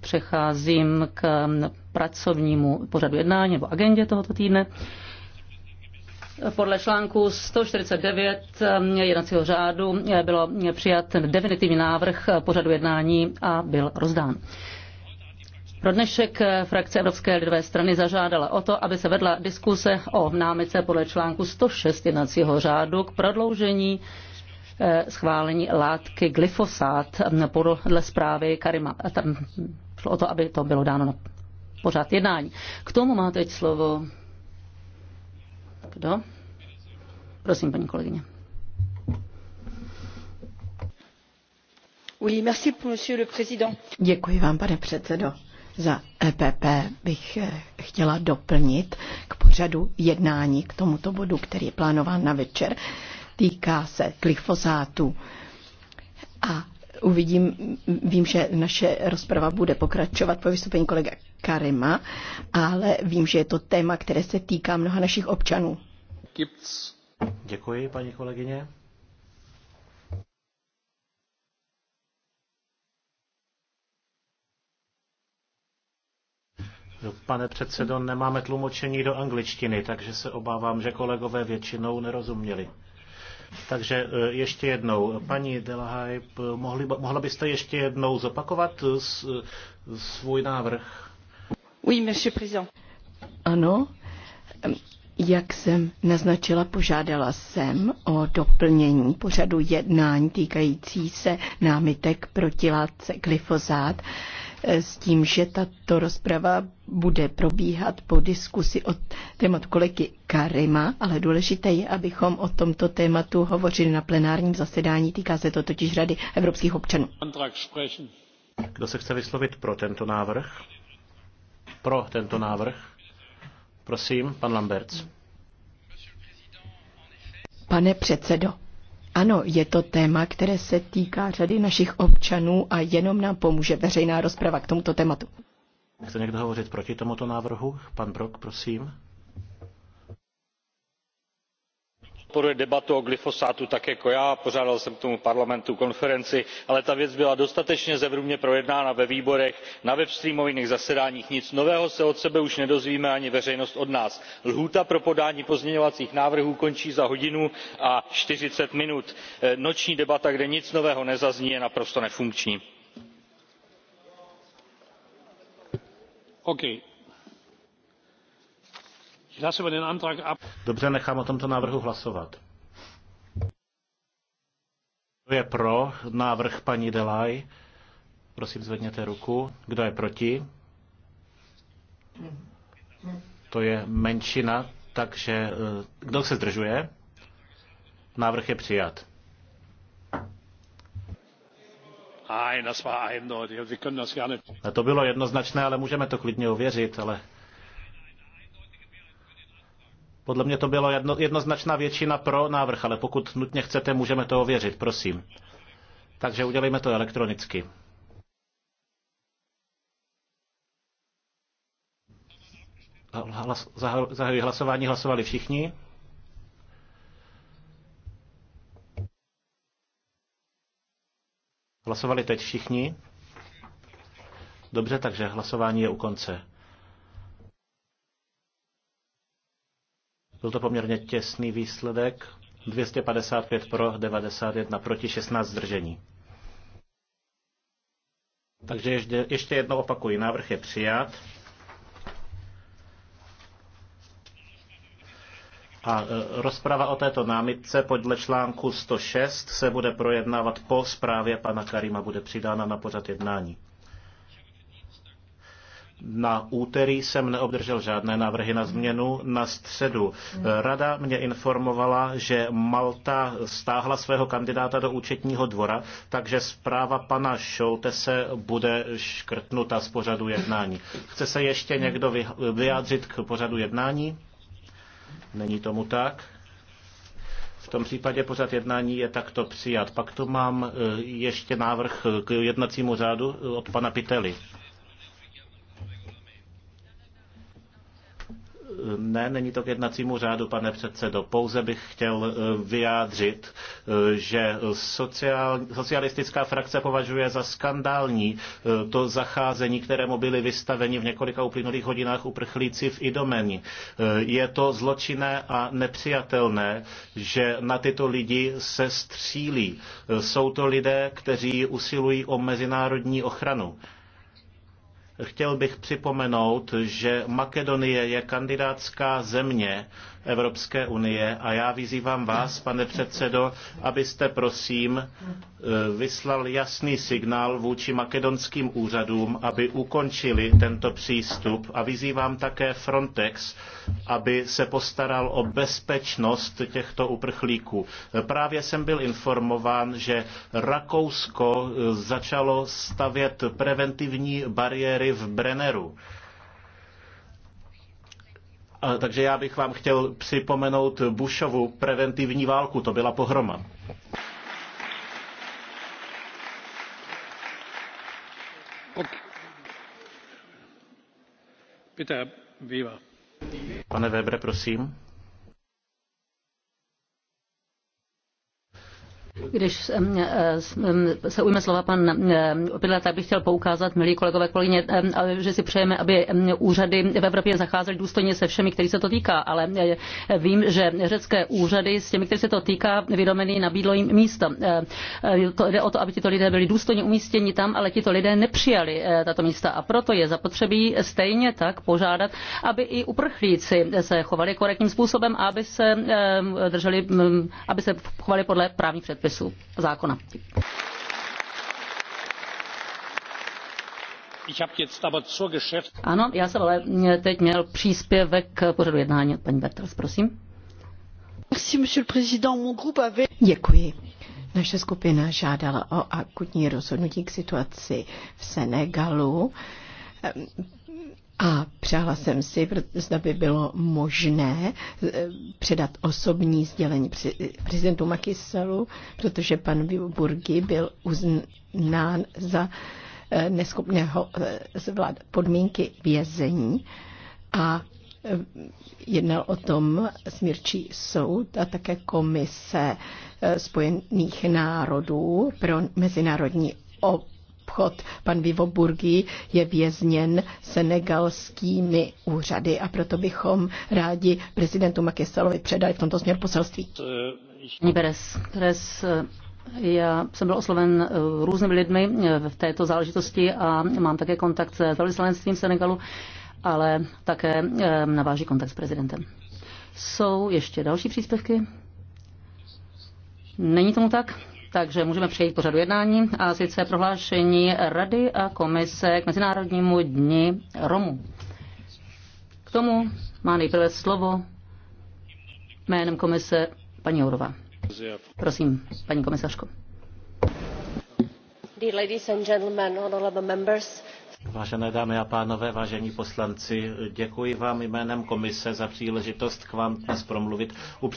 přecházím k pracovnímu pořadu jednání nebo agendě tohoto týdne. Podle článku 149 eh, jednacího řádu eh, bylo přijat definitivní návrh pořadu jednání a byl rozdán. Pro dnešek eh, frakce Evropské lidové strany zažádala o to, aby se vedla diskuse o námice podle článku 106 jednacího řádu k prodloužení schválení látky glyfosát podle zprávy Karima Šlo o to, aby to bylo dáno na pořád jednání. K tomu má teď slovo... Kdo? Prosím, paní kolegyně. Děkuji vám, pane předsedo. Za EPP bych eh, chtěla doplnit k pořadu jednání k tomuto bodu, který je plánován na večer. Týká se glyfosátu. A uvidím, vím, že naše rozprava bude pokračovat po vystoupení kolega Karima, ale vím, že je to téma, které se týká mnoha našich občanů. Děkuji, paní kolegyně. Pane předsedo, nemáme tlumočení do angličtiny, takže se obávám, že kolegové většinou nerozuměli. Takže e, ještě jednou, paní Delahaye, mohli, mohla byste ještě jednou zopakovat e, svůj návrh? Oui, monsieur président. Ano, jak jsem naznačila, požádala jsem o doplnění pořadu jednání týkající se námitek proti látce glyfozát s tím, že tato rozprava bude probíhat po diskusi o tématu kolegy Karima, ale důležité je, abychom o tomto tématu hovořili na plenárním zasedání. Týká se to totiž Rady evropských občanů. Kdo se chce vyslovit pro tento návrh? Pro tento návrh? Prosím, pan Lamberts. Pane předsedo, ano, je to téma, které se týká řady našich občanů a jenom nám pomůže veřejná rozprava k tomuto tématu. Chce někdo hovořit proti tomuto návrhu? Pan Brok, prosím. podporuje debatu o glyfosátu tak jako já pořádal jsem k tomu parlamentu konferenci ale ta věc byla dostatečně zevrubně projednána ve výborech na webstreamových zasedáních nic nového se od sebe už nedozvíme ani veřejnost od nás. lhůta pro podání pozměňovacích návrhů končí za hodinu a čtyřicet minut. Eh, noční debata kde nic nového nezazní je naprosto nefunkční. Dobře, nechám o tomto návrhu hlasovat. Kdo je pro návrh paní Delaj? Prosím, zvedněte ruku. Kdo je proti? To je menšina, takže eh, kdo se zdržuje? Návrh je přijat. A to bylo jednoznačné, ale můžeme to klidně ověřit, ale podle mě to bylo jedno, jednoznačná většina pro návrh, ale pokud nutně chcete, můžeme to ověřit, prosím. Takže udělejme to elektronicky. Hlas, zahajuji hlasování, hlasovali všichni. Hlasovali teď všichni. Dobře, takže hlasování je u konce. Byl to poměrně těsný výsledek. 255 pro, 91 proti, 16 zdržení. Takže ještě, ještě jednou opakuji, návrh je přijat. A e, rozprava o této námitce podle článku 106 se bude projednávat po zprávě pana Karima, bude přidána na pořad jednání. Na úterý jsem neobdržel žádné návrhy na změnu. Na středu rada mě informovala, že Malta stáhla svého kandidáta do účetního dvora, takže zpráva pana se bude škrtnuta z pořadu jednání. Chce se ještě někdo vyjádřit k pořadu jednání? Není tomu tak. V tom případě pořad jednání je takto přijat. Pak tu mám e, ještě návrh k jednacímu řádu e, od pana Pitely. Ne, není to k jednacímu řádu, pane předsedo. Pouze bych chtěl eh, vyjádřit, eh, že sociál, socialistická frakce považuje za skandální eh, to zacházení, kterému byly vystaveni v několika uplynulých hodinách uprchlíci v Idomeni. Je to zločinné a nepřijatelné, že na tyto lidi se střílí. Jsou to lidé, kteří usilují o mezinárodní ochranu. Chtěl bych připomenout, že Makedonie je kandidátská země Evropské unie a já vyzývám vás, pane předsedo, abyste prosím eh, vyslal jasný signál vůči makedonským úřadům, aby ukončili tento přístup a vyzývám také Frontex, aby se postaral o bezpečnost těchto uprchlíků. Právě jsem byl informován, že Rakousko eh, začalo stavět preventivní bariéry aféry v Brenneru. Takže já bych vám chtěl připomenout Bushovu preventivní válku, to byla pohroma. Pane Weber, prosím. Když eh, eh, se ujme slova pan eh, Opidla, tak bych chtěl poukázat, milí kolegové, kolegyně, že si přejeme, aby úřady v Evropě zacházely důstojně se všemi, který se to týká, ale vím, že řecké úřady s těmi, kteří se to týká, vydomeny nabídlo jim místo. To jde o to, aby tito lidé byli důstojně umístěni tam, ale tito lidé nepřijali tato místa a proto je zapotřebí stejně tak požádat, aby i uprchlíci se chovali korektním způsobem, aby se drželi, mm, aby se chovali podle právních předpisů předpisů zákona. Ano, já jsem ale teď měl příspěvek k pořadu jednání od paní Bertels, prosím. Děkuji. Naše skupina žádala o akutní rozhodnutí k situaci v Senegalu a přála jsem si, zda by bylo možné e, předat osobní sdělení prezidentu Makiselu, protože pan Viburgi byl uznán za e, neschopného e, zvládat podmínky vězení a jednal o tom smírčí soud a také komise Spojených národů pro mezinárodní obchod. Pan Vivo Burgi je vězněn senegalskými úřady a proto bychom rádi prezidentu Makisalovi předali v tomto směru poselství. Níberes, Beres, já jsem byl osloven eh, různými lidmi eh, v této záležitosti a mám také kontakt s velvyslanectvím Senegalu, ale také eh, naváží kontakt s prezidentem. Jsou ještě další příspěvky? Není tomu tak? Takže můžeme přejít pořadu jednání a sice prohlášení Rady a Komise k Mezinárodnímu dni Romů. K tomu má nejprve slovo jménem Komise paní Jourova. Prosím, paní komisařko. Vážené dámy a pánové, vážení poslanci, děkuji vám jménem komise za příležitost k vám dnes promluvit.